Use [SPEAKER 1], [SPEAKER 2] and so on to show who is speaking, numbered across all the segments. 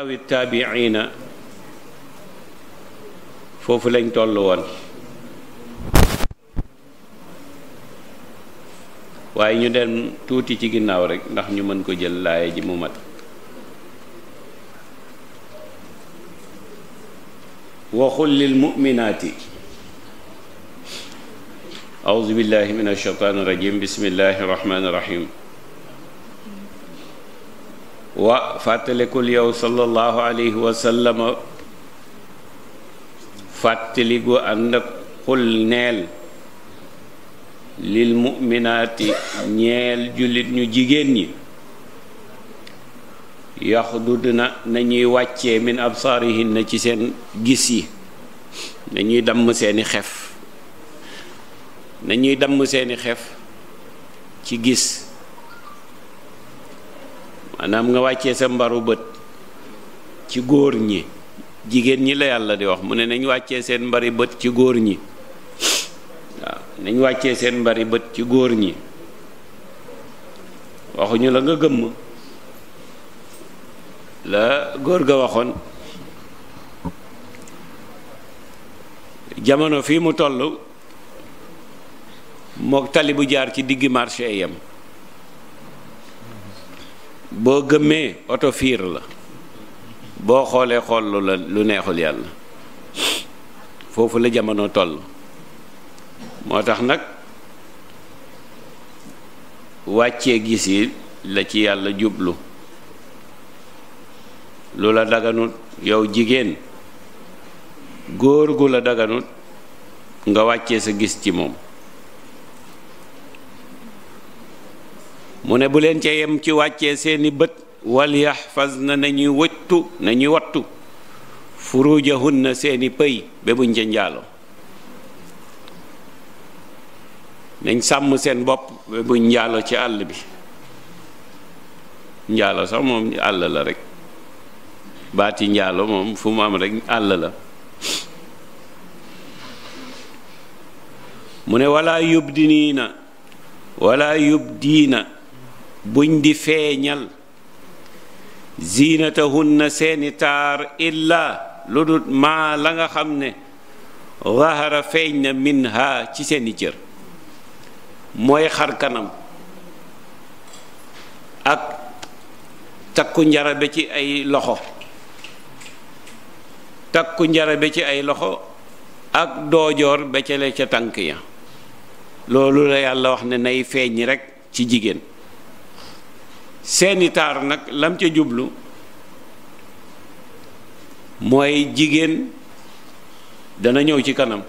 [SPEAKER 1] awi taabiina foofu lañ toll woon waaye ñu dem tuuti ci ginnaaw rek ndax ñu mën ko jël laaya ji mu mat waxul lil muminaati auzu billahi min alsheytaan irajim bismillahi irrahmani irrahim wa fàttalikul yow sallallahu alayhi wa sallama fàttaligu ànd ak xul neel lil muminaati ñeel jullit ñu jigéen ñi yaxdud na nañuy wàcce min absaarihin na ci seen gis yi nañuy damm seeni xef nañuy damm seeni xef ci gis maanaam nga wàccee sa mbaru bët ci góor ñi jigéen ñi la yàlla di wax mu ne nañ wàccee seen mbari bët ci góor ñi waaw nañ seen mbari bët ci góor ñi waxuñu la nga gëmm la góor ga waxoon jamono fii mu toll mook tali bu jaar ci digg marché yam boo gëmmee oto fiir la boo xoolee xool lu la neexul yàlla foofu la jamono toll moo tax nag wàccee gis yi la ci yàlla jublu lu la daganut yow jigéen góor gu la daganut nga wàcce sa gis ci moom mu ne bu leen ca yem ci wàccee seeni bët wal yaxfaz na nañuy wëttu nañuy wattu furujahunna seeni pëy ba buñ ca njaaloo nañ sàmm seen bopp ba buñ njaaloo ci àll bi njaaloo sax moom àll la rek baati njaaloo moom fu mu am rek àll la mu ne walaa yubdiniina walaa yubdiina buñ di feeñal na seeni taar illaa lu dul maa la nga xam ne zahara feeñ na min ha ci seeni cër mooy xar kanam ak takku njarabe ci ay loxo takku njarabe ci ay loxo ak doojoor becele ca tànk ya loolu la yàlla wax ne nay feeñ rekk ci jigéen seeni taar nag lam ca jublu mooy jigéen dana ñëw ci kanam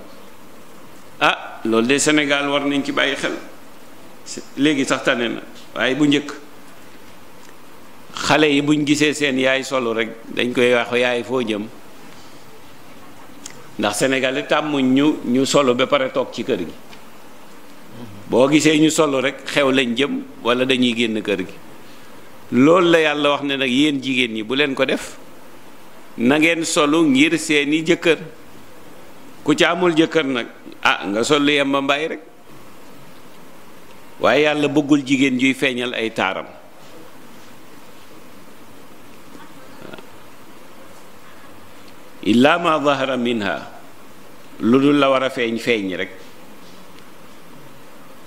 [SPEAKER 1] a ah, loolu de Sénégal war nañ ci bàyyi xel léegi sax tane na waaye bu njëkk xale yi buñ gisee seen yaay solo rek dañ koy wax yaay foo jëm ndax sénégalais tàmmuñ ñu ñu solo ba pare toog ci kër gi boo gisee ñu solo rek xew lañ jëm wala dañuy génn kër gi loolu la yàlla wax ne nag yéen jigéen ñi bu leen ko def nangeen solu ngir seeni jëkkër ku ca amul jëkkër nag ah nga sol lu yemba mbaay waaye yàlla bëggul jigéen juy feeñal ay taaram illa ma zahara minha lu dul la war a feeñ feeñ rekk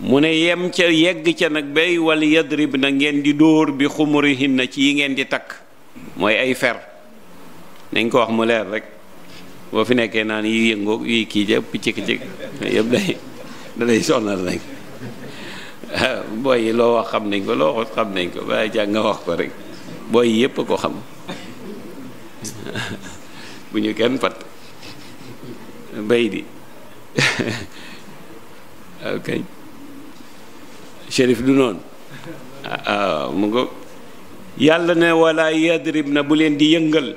[SPEAKER 1] mu ne yem ca yegg ca nag bay wala yadrib na ngeen di dóor bi xumurihin na ci yi ngeen di takk mooy ay fer nañ ko wax mu leer rek boo fi nekkee naan yi yëngoog yi kii ja picc-cik yëpp day da lay sonal rek ah, booy yi loo wax xam nañ ko loo waxut xam nañ ko waaye jàng nga wax ko rek booy yi yëpp ko xam bu ñu kenn pat bay di okay shérif du noonu ah, mu nga yàlla ne wala yadrib na bu leen di yëngal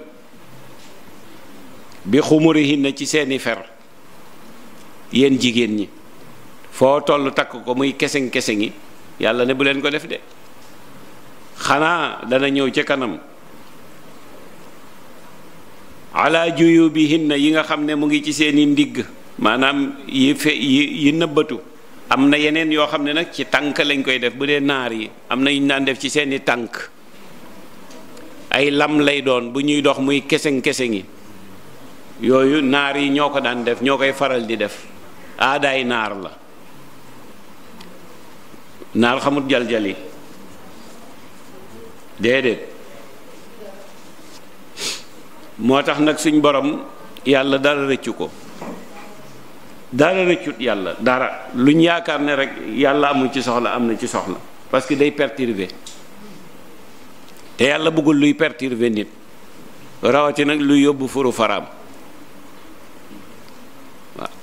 [SPEAKER 1] bi xumurihinna ci seeni fer yéen jigéen ñi foo toll takk ko muy keseng keseng yi yàlla ne bu leen ko def de xanaa dana ñëw ci kanam ala juyubihinna yi nga xam ne mu ngi ci seeni ndigg maanaam yi fe yi yi nëbbatu am na yeneen yoo xam ne nag ci tànk lañ koy def bu dee naar yi am na yu ñu daan def ci seeni tànk ay lam lay doon bu ñuy dox muy keseng keseng yi yooyu naar yi ñoo ko daan def ñoo koy faral di def aadaay naar la naar xamut jaljali déedéet moo tax nag suñ borom yàlla dara rëccu ko dara rëccut yàlla dara lu ñu yaakaar ne rekk yàlla amul ci soxla am na ci soxla parce que day perturber te yàlla bëggul luy perturber nit rawati nag luy yóbbu furu faraam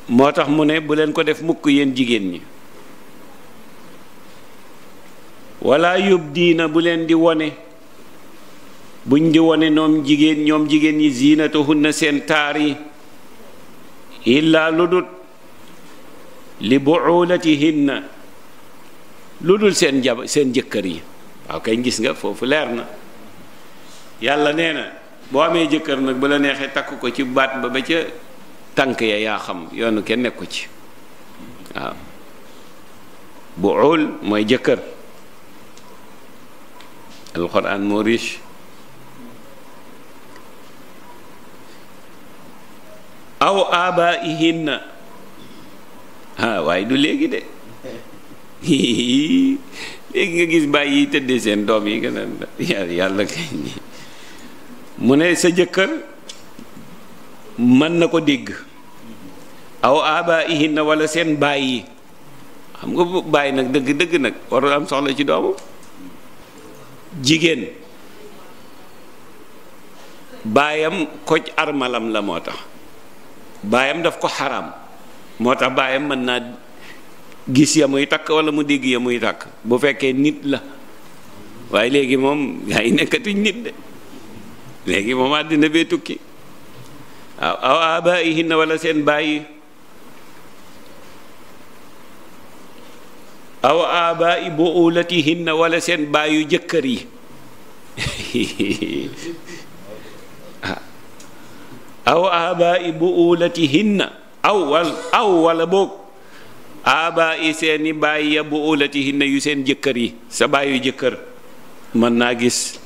[SPEAKER 1] moo tax mu ne bu leen ko def mukk yéen jigéen ñi wala yubdiina bu leen di wone buñ di wone ñoom jigéen ñoom jigéen ñi na seen taar yi illaa lu dut li buulatihinna lu dul seen jaba seen jëkkër yi waaw kay gis nga foofu leer na yàlla nee na boo amee jëkkër nag bu la neexee takk ko ci baat ba ba ca tànk ya yaa xam yoonu kenn nekku ci waaw buul mooy jëkkër alxuraan moo riche aw abaihinna waaye du léegi de léegi nga gis bàyyi yi tëddee seen doom yi gën a yàlla kay mu ne sa jëkkër mën na ko dégg aw aaba ihin na wala seen bàyyi xam nga bu bàyyi nag dëgg dëgg nag warul am soxla ci doomu jigéen baayam koj armalam la moo tax baayam daf ko xaram moo tax baayam mën naa gis ya muy takk wala mu dégg ya muy takk bu fekkee nit la waaye léegi moom yaa ngi nekkatuñ nit de léegi moom àddina bee tukki aw abaayihinna wala seen bàyyi aw abaayi buulatihinna wala seen bàyyu jëkkër yi ah. aw abaayi buulatihinna awwal aw wala boog aaba i seeni baay ya bu ulatihinna yu seen jëkkër yi sa baayu jëkkër mën naa gis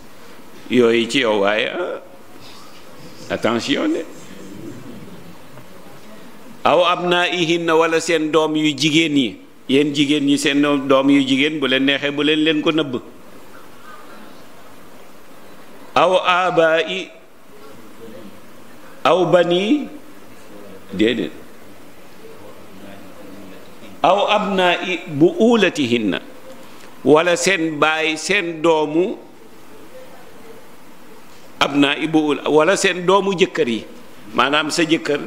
[SPEAKER 1] yooyu ci yow waaye ah, attention de aw abnaihinna walla seen doom yu jigéen yi yéen jigéen ñi seen doom yu jigéen bu leen neexee bu leen leen ko nëbb aw aaba i aw bani déedéet aw ab abnaa'i bu'ulatihinna wala seen baay seen doomu ab abnaa'i bu'ul wala seen doomu jëkkër yi maanaam sa jëkkër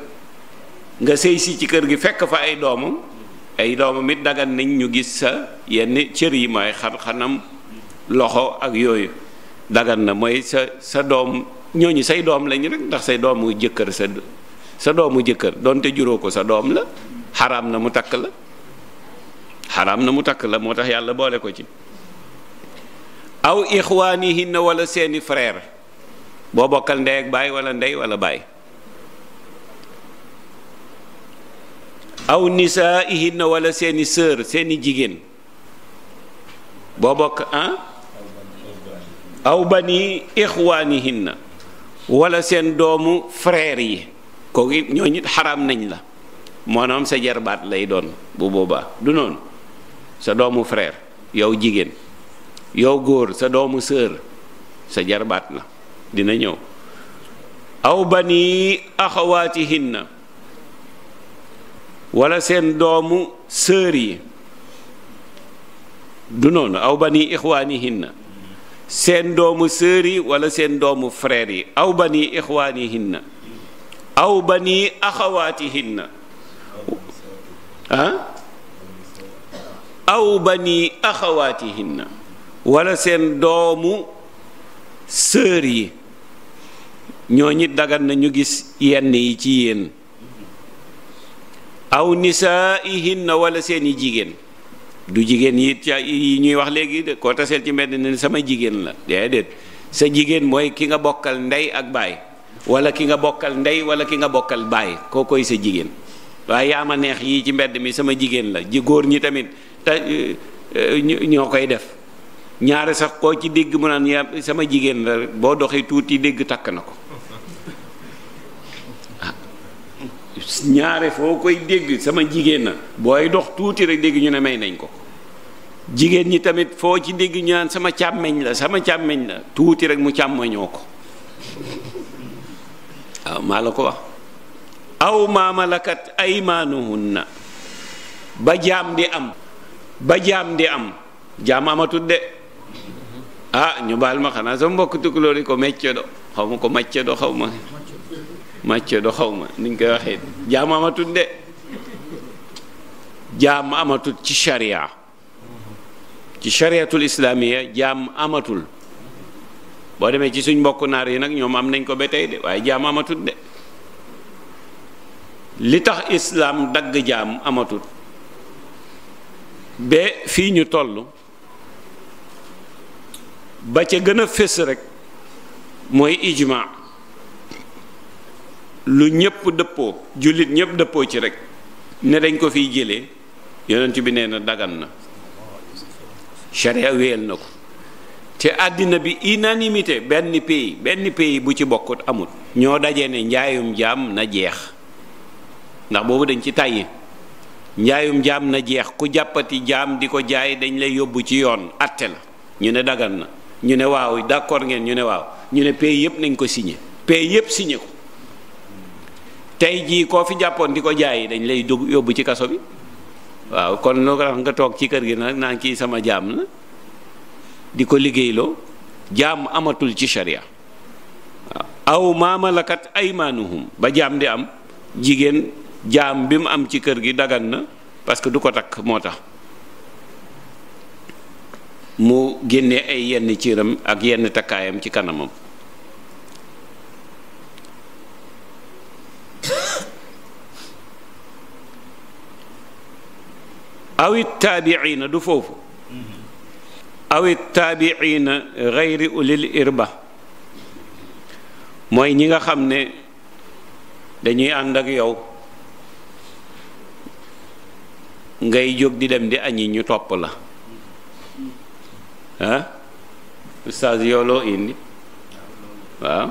[SPEAKER 1] nga sëy si ci kër gi fekk fa ay doomam ay doomam it dagan nañ ñu gis sa yenn cër yi mooy xam xanam loxo ak yooyu dagan na mooy sa sa doom ñooñu say doom lañ rek ndax say doomu jëkkër sa sa doomu jëkkër donte juróo ko sa doom la xaraam na mu takk la xaraam na mu takk la moo tax yàlla boole ko ci aw ixwaanihinna wala seeni frère boo bokkal ndey ak baay wala ndey wala baay aw nisaa'ihinna wala seeni sœur seeni jigéen boo bokk ah aw bani ixwaanihinna walla seen doomu freer yi kooku ñoo ñit xaraam nañ la moonoom sa jarbaat lay doon bu boobaa du noonu sa doomu frère yow jigéen yow góor sa doomu sër sa jarbaat la dina ñëw aw bani axawaatihinna wala seen doomu sœur yi du noonu aw bani ixwaanihinna seen doomu sër yi wala seen doomu frère yi aw bani ixwaanihinna aw bani axawaatihinna ah aw bani axawaatihinna wala seen doomu sœur yi ñoo ñi dagan na ñu gis yenn yi ci yéen aw nisaa'ihinna wala seeni jigéen du jigéen yi ca yi ñuy wax léegi de koo taseel ci mbedd ne sama jigéen la déedéet sa jigéen mooy ki nga bokkal ndey ak baay wala ki nga bokkal ndey wala ki nga bokkal baay koo koy sa jigéen waaye yaa ma neex yii ci mbedd mi sama jigéen la ji góor ñi tamit te eh, ñoo koy def ñaare sax koo ci dégg mu naan yaa sama jigéen la boo doxee tuuti dégg takk na ko ah. ñaare foo koy dégg sama jigéen na booy dox tuuti rek dégg ñu ne may nañ ko jigéen ñi tamit foo ci dégg ñu naan sama càmmeñ la sama càmmeñ la tuuti rek mu càmmoñoo ko waaw ah, maa la ko wax aw maamalakat aymaanuhunna ba jaam di am ba jaam di am jaam amatut de ah ñu baal ma xanaa sama mbokk tukulóor yi ko mecce do xaw ma ko macce do xaw ma macce do xaw ma niñ koy waxee jaam amatut de jaam amatul ci sharia ci shariatul islamiya jaam amatul boo demee ci suñ mbokk naar yi nag ñoom am nañ ko ba tey de waaye jaam amatul de li tax islaam dagg jaam amatul ba fii ñu tollu ba ca gën a fés rek mooy ijma lu ñépp dëppoo jullit ñépp dëppoo ci rek ne dañ ko fiy jële yonent bi nee na na sharia wéyal na ko te àddina bi unanimité benn pays benn pays bu ci bokkut amul ñoo daje ne njaayum jaam na jeex ndax boobu dañ ci tàyyi njaayum jaam na jeex ku jàppati jaam di ko jaay dañ lay yóbbu ci yoon atte la ñu ne dagan na ñu ne waaw d'accord ngeen ñu ne waaw ñu ne pays yëpp nañ ko signé pays yëpp siñe ko tey jii koo fi jàppoon di ko jaay dañ lay dugg yóbbu ci kaso bi waaw kon loo tax nga toog ci kër gi nag naan kii sama jaam la di ko liggéeyloo jaam amatul ci sharia waaw aw maamalakat aymanuhum ba jaam di am jigéen jaam bi mu am ci kër gi dagan na parce que du ko takk moo tax mu génne ay yenn ciiram ak yenn takkaayam ci kanamam awit taabiina du foofu awit taabiina gayri ulil irba mooy ñi nga xam ne dañuy ànd ak yow ngay jóg di dem di añi ñu topp la ah ustaas yoo loo indi waaw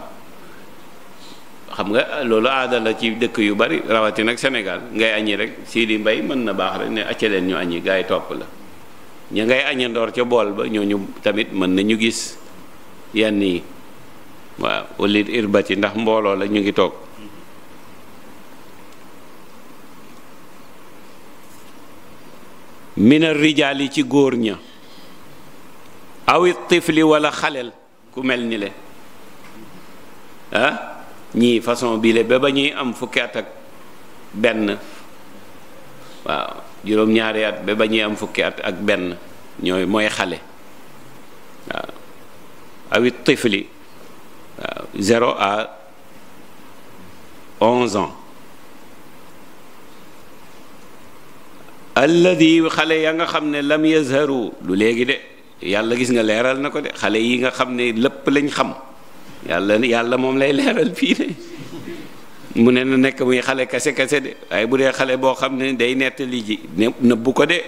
[SPEAKER 1] xam nga loolu aada la ci dëkk yu bari rawati nag Sénégal ngay añi rek Sidi Mbay mën na baax rek ne acca leen ñu añi gaa topp la ña ngay ndoor ca bool ba ñu tamit mën na ñu gis yenn yi waaw ullit irbati ndax mbooloo la ñu ngi toog minar rijaal ci góor ña awit tifli wala xaleel ku mel ni le ah, ñii façon bii le ba ba ñuy am fukki at ak benn waaw juróom-ñaari at ba ba ñuy am fukki at ak benn ñooy mooy xale waaw awit tifli waaw zéro à onze ans alladi xale yaa nga xam ne lam yazharu lu léegi de yàlla gis nga leeral na ko de xale yi nga xam ne lépp lañ xam yàlla yàlla moom lay leeral fii de mu ne na nekk muy xale kase kase de waaye bu dee xale boo xam ne day nettali ji nëbbu ko de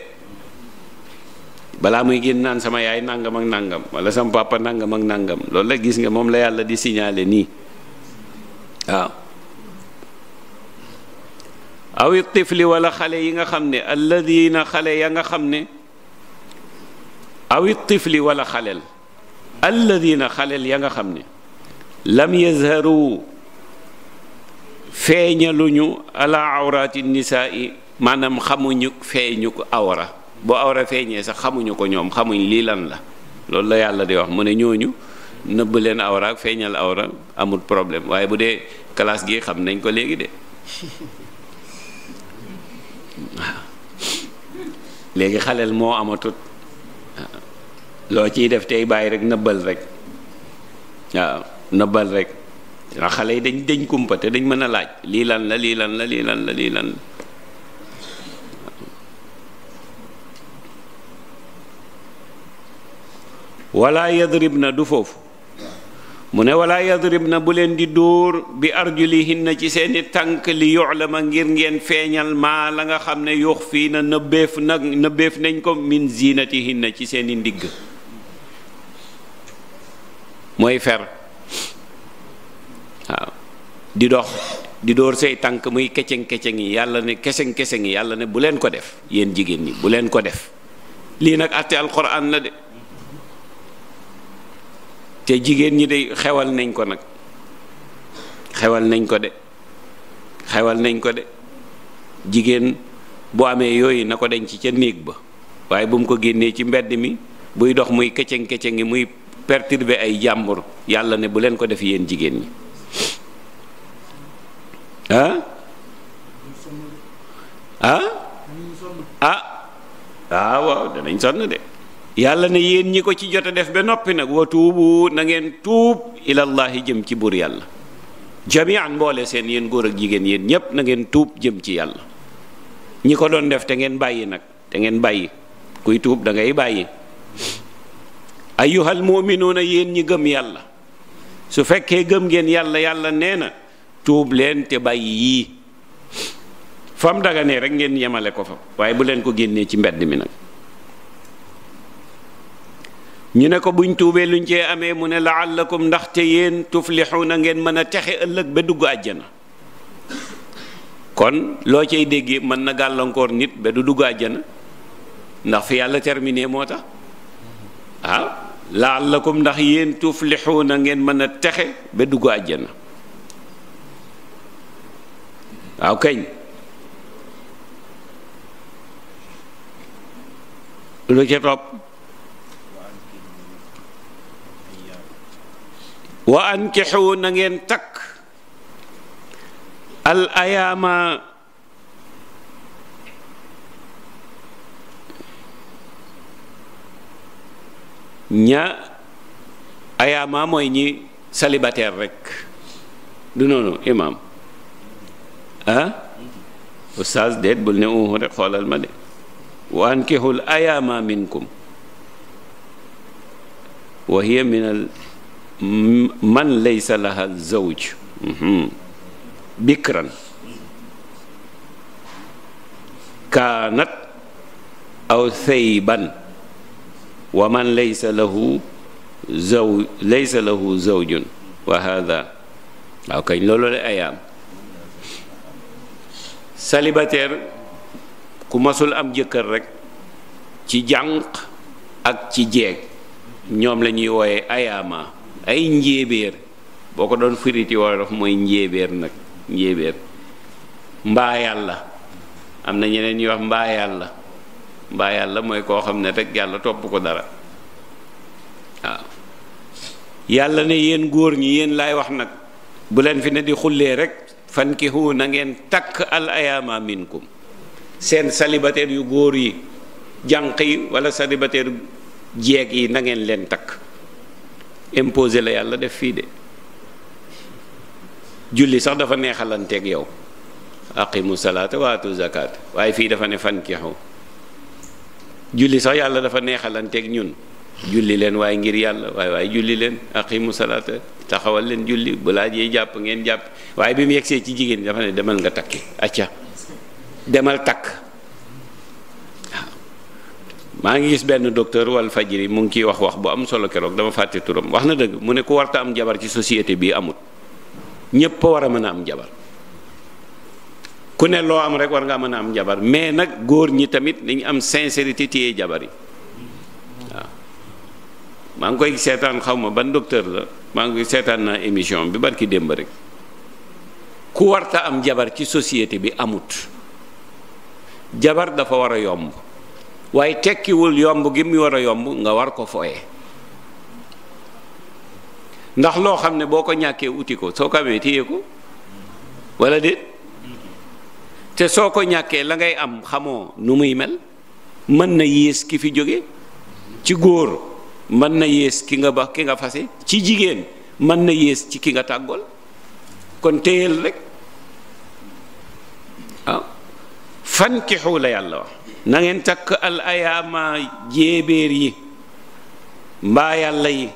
[SPEAKER 1] balaa muy génn naan sama yaay nangam ak nangam wala sama papa nangam ak nangam loolu la gis nga moom la yàlla di siñaale nii waaw awi tifli wala xale yi nga xam ne alladina xale ya nga xam ne awi tifli wala xaleel alladina xaleel ya nga xam ne lam yazharu feeñaluñu ala awraati nisaai maanaam xamuñu feeñu awra bu awra feeñee sax xamuñu ko ñoom xamuñ lii lan la loolu la yàlla di wax mu ne ñooñu nëbb leen awra feeñal awra amul problème waaye bu dee classe gi xam nañ ko léegi de léegi xaleel moo amatut loo ciy def tey bàyyi rek nëbbal rek waaw nëbbal rek xale yi dañ dañ kumpa te dañ mën a laaj lii lan la lii lan la lii lan la lii lan la wala yadrib na du foofu mu ne walaa yadribna bu leen di dóor bi arjulihinna ci seeni tànk li yu'lama ngir ngeen feeñal maa la nga xam ne yuux fii na nëbbeef nag nëbbeef nañ ko min ziinatihinna ci seeni ndigg mooy fer waaw di dox di dóor say tànk muy keceng keceng yi yàlla ne keseng keseng yi yàlla ne bu leen ko def yéen jigéen ñi bu leen ko def lii nag àtte alxuraan la de te jigéen ñi de xewal nañ ko nag xewal nañ ko de xewal nañ ko de jigéen bu amee yooyu na ko ci ca néeg ba waaye bu mu ko génnee ci mbedd mi buy dox muy këcëng këcëng muy perturber ay jàmbur yàlla ne bu leen ko def yéen jigéen ñi ah ah ah waaw danañ sonn de
[SPEAKER 2] yàlla na yéen
[SPEAKER 1] ñi ko ci jot a def ba noppi nag wa tuubu nangeen ngeen tuub ilallahi jëm ci buur yàlla jamian mboole seen yéen góor ak jigéen yéen ñépp nangeen tuub jëm ci yàlla ñi ko doon def te ngeen bàyyi nag te ngeen bàyyi kuy tuub da ngay bàyyi ayyuhal muminuuna yéen ñi gëm yàlla su fekkee gëm ngeen yàlla yàlla nee na tuub leen te bàyyi yii fam daganee rek ngeen yemale ko fa waaye bu leen ko génnee ci mbedd mi nag ñu ne ko buñ tuubee luñ cee amee mu ne la kom laallakum ndaxte yéen tuflixuuna ngeen mën a texe ëllëg ba dugg àjjana kon loo cay déggee mën na gàllankoor nit ba du dugg àjjana ndax fi yàlla terminé moo tax waaw kom ndax yéen tuflixuuna ngeen mën a texe ba dugg àjjana waaw keñ lu ca topp wa ankixu na takk al ayaama mooy ñi célibataire rekk du noonu imaam ah oustaz déet bul xoolal ma de wa ankixu al ayaama minkum wa hiya min al man laysa laha zawj mhm. bikran kaanat aw thayban wa man laysa lahu zaw laysa lahu zawjun waaw kañ loolu la ayaam célibataire ku masul am jëkkër rekk ci jànq ak ci jeeg ñoom lañuy ñuy wooye ayaama ay njéebéer boo ko doon firiti wolof mooy njéebéer nag njéebéer mbaa yàlla am na ñeneen ñuy wax mbaa yàlla mbaa yàlla mooy koo xam ne rek yàlla topp ko dara waaw yàlla ne yéen góor ñi yéen laay wax nag bu leen fi ne di xullee rek fankihu na ngeen takk al ayaama minkum seen célibataire yu góor yi jànq yi wala salibateer jeeg yi nangeen leen takk imposé la yàlla def fii de julli sax dafa neexalanteeg yow aqimu salaata waatu zakat waaye fii dafa ne fankixu julli sax yàlla dafa neexalanteeg ñun julli leen waaye ngir yàlla waaye waaye julli leen aqimu salaata taxawal leen julli bu laajee jàpp ngeen jàpp waaye bi mu yegsee ci jigéen dafa ne demal nga takki acca demal takk maa ngi gis benn docteur wal fajiri mu ngi ciy wax wax bu am solo keroog dama fàtte turam wax na dëgg mu ne ku warta am jabar société bi amut ñépp a war a mën a am jabar ku ne loo am rek ngaa mën a am jabar mais nag góor ñi tamit dañu am sincérité téye jabar yi maa ngi koy seetaan xaw ma ban docteur la maa ngi koy seetaan naa émission bi barki démb rek ku warta am jabar ci société bi amut jabar dafa war a yomb waaye tekkiwul yomb gi mu war a yomb nga war ko fooye ndax loo xam ne boo ko ñàkkee uti ko soo ko amee téye ko wala déet te soo ko ñàkkee la ngay am xamoo nu muy mel mën na yées ki fi jóge ci góor mën na yées ki nga ba ki nga fase ci jigéen mën na yées ci ki nga tàggool kon téyel rek waaw ah, fankixu la yàlla wax nangeen takk al ayaama jéebéer yi mbaa yàlla yi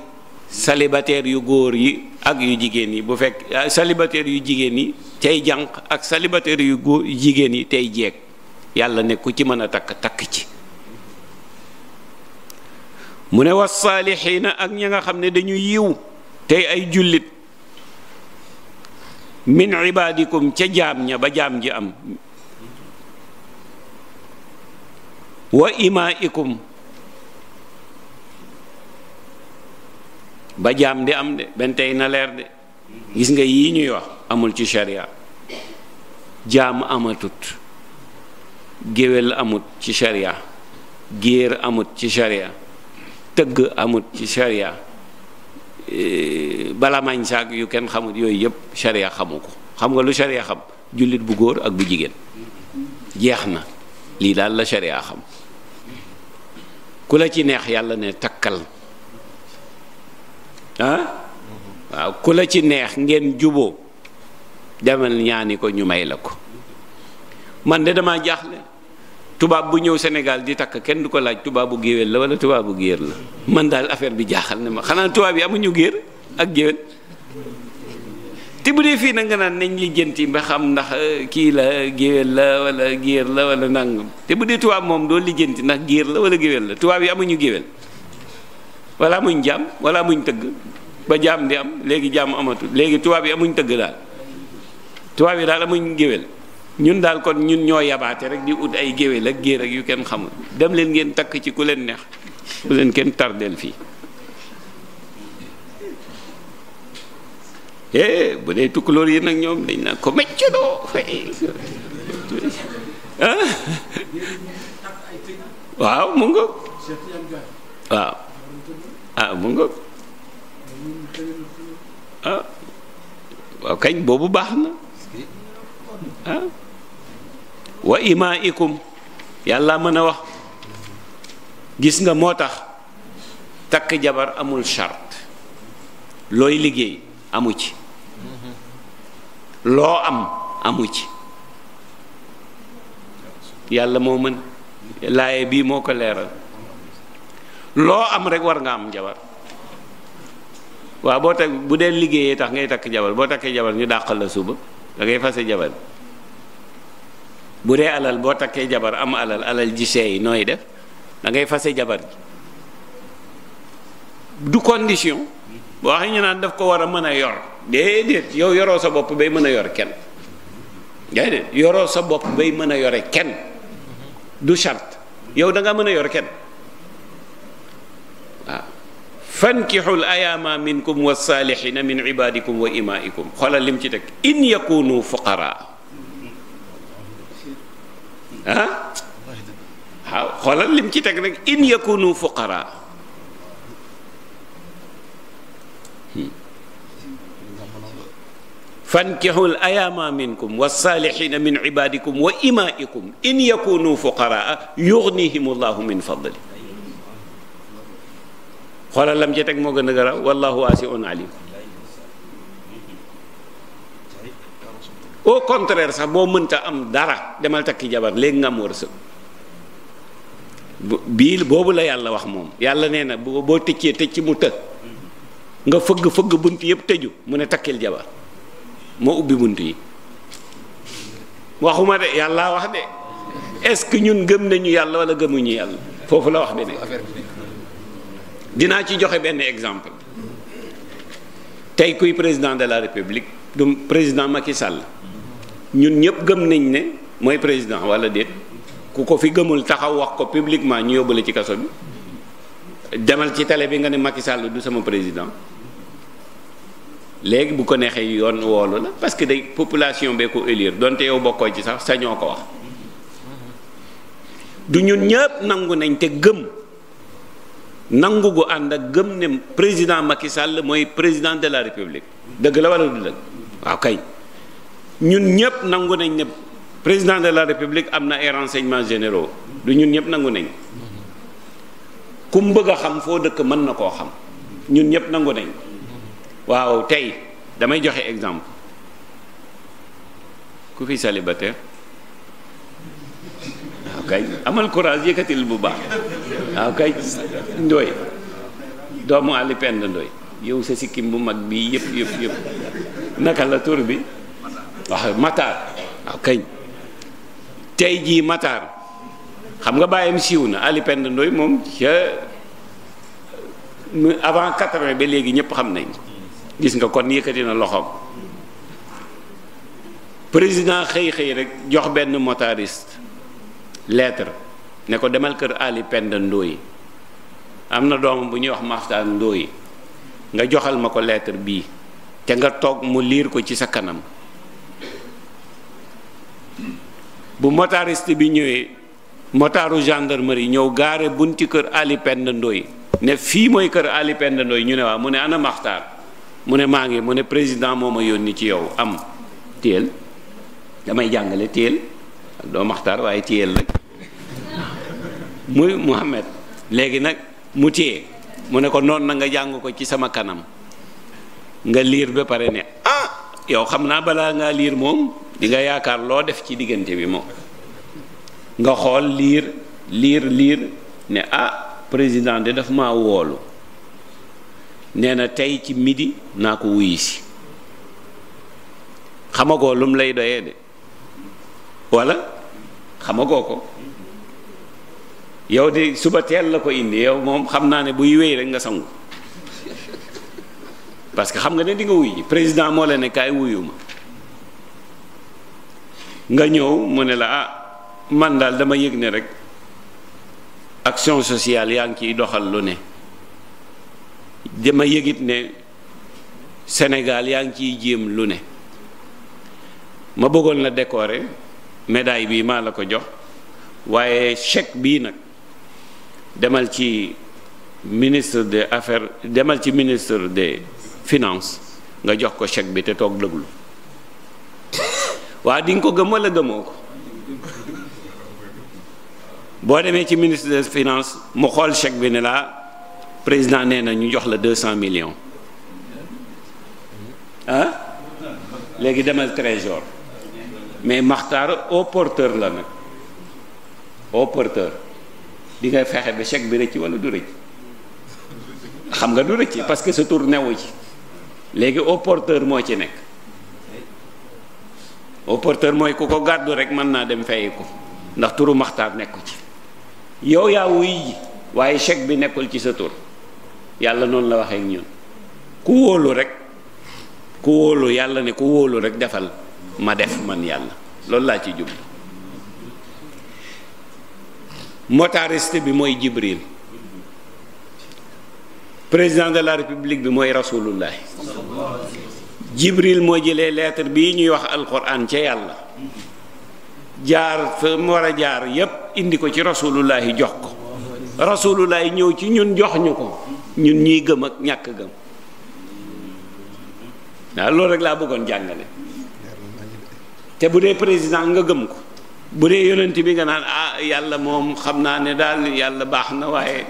[SPEAKER 1] célibataire yu góor yi ak yu jigéen yi bu fekk célibataire ah, yu jigéen yi tey jànq ak célibataire yu góor jigéen yi tey jeeg yàlla ne ku ci mën a takk takk ci mu ne was saalixiina ak ña nga xam ne dañuy yiw tey ay jullit min ibaadikum ca jaam ña ba jaam ji am wa imaikum ba jaam di am de benn tey na leer de gis nga yii ñuy wax amul ci sharia jaam amatut géwél amut ci sharia géer amut ci sharia tëgg amut ci sharia bala mañ yu kenn xamut yooyu yëpp sharia xamu ko xam nga lu sharia xam jullit bu góor ak bu jigéen jeex na lii daal la sharia xam ku la ci neex yàlla ne takkal ah waaw ku la ci neex ngeen juboo demal ñaani ko ñu may la ko man de damaa jaaxle tubaab bu ñëw senegaal di takk kenn du ko laaj tubaabu géwél la wala tubaabu géer la man daal affaire bi jaaxal na ma xanaa tubaab yi amuñu géer ak géwél te bu dee fii nag nga naan nañ lijjanti ba xam ndax euh, kii la géwél la wala géer la wala nangam te bu dee tubaab moom doo lijjanti ndax géer la wala géwél la tuwaab yi amuñu géwél wala amuñ jaam wala amuñ tëgg ba jaam di am léegi jaam amatul léegi tubaab yi amuñ tëgg daal tubaab yi daal amuñ géwél ñun daal kon ñun ñoo yabaate rek di ut ay géwél ak géer ak yu kenn xamul dem leen ngeen takk ci ku leen neex bu leen kenn tardeel fii eh bu dee tukkulóor yi nag ñoom dañ naan ko meccanoo ah
[SPEAKER 2] waaw mu ngoog
[SPEAKER 1] waaw ah mu ah. waaw kañ boobu baax na ah wa ima ikum yàlla mën a wax gis nga moo tax takk jabar amul charte looy liggéey amu ci mm-hmm. loo am amu ci yàlla moo mën laaye bii moo ko leeral loo am rek war nga am jabar waaw boo takk bu dee liggéeyee tax ngay takk jabar boo takkee jabar ñu dàqal la suba da ngay fase jabar bu dee alal boo takkee jabar am alal alal ji seey nooy def da ngay fase jabar ji du condition boo waxee naan daf ko war a mën a yor déedéet yow yoroo sa bopp bay mën a yor kenn déedéet sa bopp bay mën a yore kenn du charte yow da nga mën a yor kenn waaw fankixul ayaama minkum wa saalixina min ibadikum wa imaikum xoolal lim ci teg in yakunu fuqara ah waaw xoolal lim ci teg rek in yakunu fuqara fankihul ayaama minkum wasaalihina min ibadikum wa imaikum in yakunu fuqaraa yugnihim allahu min fadli xoolal lam ci teg moo gën a garaaw wallahu waasiun alim au contraire sax boo mënta am dara demal takki jabar léegi nga am wërsëg bii boobu la yàlla wax moom yàlla nee na boo tëccee tëcc mu të nga fëgg fëgg bunt yëpp tëju mu ne takkil jabar moo ubbi bunt yi waxuma de yàlla wax de est-ce que ñun gëm nañu yàlla wala gëmuñu yàlla foofu la wax bi ne dinaa ci joxe benn exemple tey kuy président de la république du président Macky Sall ñun ñëpp gëm nañ ne mooy président wala déet ku ko fi gëmul taxaw wax ko publiquement ñu yóbbu la ci kaso bi demal ci télé bi nga ne Macky Sall du sama président léegi bu ko neexee yoon woolu la parce que day population bee ko élire donte yow bokkoo ci sax sañoo ko wax
[SPEAKER 2] du ñun ñëpp
[SPEAKER 1] nangu nañ te gëm nangu gu ànd ak gëm ne président Macky Sall mooy président de la république dëgg la wala du dëgg waaw kay ñun ñëpp nangu nañ ne président de la république am na ay renseignements généraux du ñun ñëpp nangu nañ ku mu bëgg a xam foo dëkk mën na koo xam ñun ñëpp nangu nañ. waaw tey damay joxe exemple ku fi célibataire waaw ah, kay amal courage yëkkatil bu baax waaw ah, kay ndooy doomu àlli pend ndooy yow sa sikkim bu mag bi yëpp yëpp naka la tur bi wax ah, mataar waaw kañ tey jii mataar xam nga bàyyam siiw na àlli pend ndooy moom ca avant 80 ba léegi ñëpp xam nañ gis nga kon yëkkati na loxoom président xëy xëy rek jox benn motariste lettre ne ko demal kër Ali Penda Ndoye am na doomam bu ñuy wax Maftaan Ndoye nga joxal ma ko lettre bii te nga toog mu liir ko ci sa kanam bu motariste bi ñëwee motaru gendarmerie ñëw gaare bunti kër Ali Penda Ndoye ne fii mooy kër Ali Penda Ndoye ñu ne waa mu ne ana Maftaan mu ne maa ngi mu ne président moo ma yónni ci yow am téel damay jàngale téel doo maxtaar waaye téel rek muy Muhammad léegi nag mu téye mu ne ko noonu na nga jàng ko ci sama kanam nga liir ba pare ne ah yow xam naa balaa ngaa liir moom di nga yaakaar loo def ci diggante bi moom nga xool liir liir liir ne ah président de daf maa woolu nee na tey ci midi naa ko wuyu si xamagoo lum lay doyee de walla xamagoo ko yow de suba teel la ko indi yow moom xam naa ne buy wéy rek nga sangu parce que xam nga ne di nga wuyu président moo la ne kaay wuyu ma nga ñëw mu ne la ah man daal dama yëg ne rek action sociale yaa ngi kiy doxal lu ne dama yëgit ne Sénégal yaa ngi ciy jéem lu ne ma bëggoon la décorer médaille bii maa la ko jox waaye chèque bii nag demal ci ministre des affaire demal ci ministre des finances nga jox ko chèque bi te toog déglu waa di ko gëm wala gëmoo ko boo demee ci ministre des finances mu xool chèque bi ne laa président nee na ñu jox la deux cent millions ah léegi demal trésor mais Maxtaar au la nag au porteur di nga fexe ba chèque bi rëcc wala du rëcc xam nga du rëcc parce que sa tour newu ci léegi au moo ci nekk au mooy ku ko gàddu rek mën naa dem fayi ko ndax turu Maxtaar nekku ci yow yaa wuy ji waaye chèque bi nekkul ci sa tur yàlla noonu la waxee ak ñun ku wóolu rek ku wóolu yàlla ne ku wóolu rek defal ma def man yàlla loolu laa ci jublu motariste bi mooy Jibril président de la république bi mooy rasulullah Jibril moo jëlee lettre bii ñuy wax alquran ca yàlla jaar fa mu war a jaar yépp indi ko ci rasulullah jox ko rasulullah ñëw ci ñun jox ñu ko ñun ñuy gëm ak ñàkk gëm waaw loolu rek laa bëggoon jàngale te bu dee président nga gëm ko bu dee yonent bi nga naan ah yàlla moom xam naa ne daal yàlla baax na waaye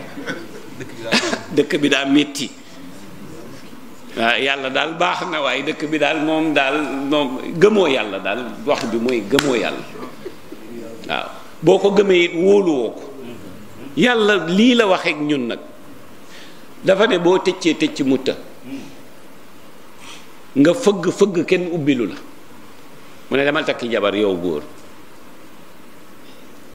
[SPEAKER 1] dëkk bi daal metti waaw ah, yàlla daal baax na waaye dëkk bi daal moom daal moom gëmoo yàlla daal wax bi mooy gëmoo yàlla waaw boo ko gëmee it wóoluwoo ko yàlla lii la waxeek ñun nag dafa ne boo tëccee tëcc mu nga fëgg fëgg kenn ubbilu la mu ne demal takki jabar yow góor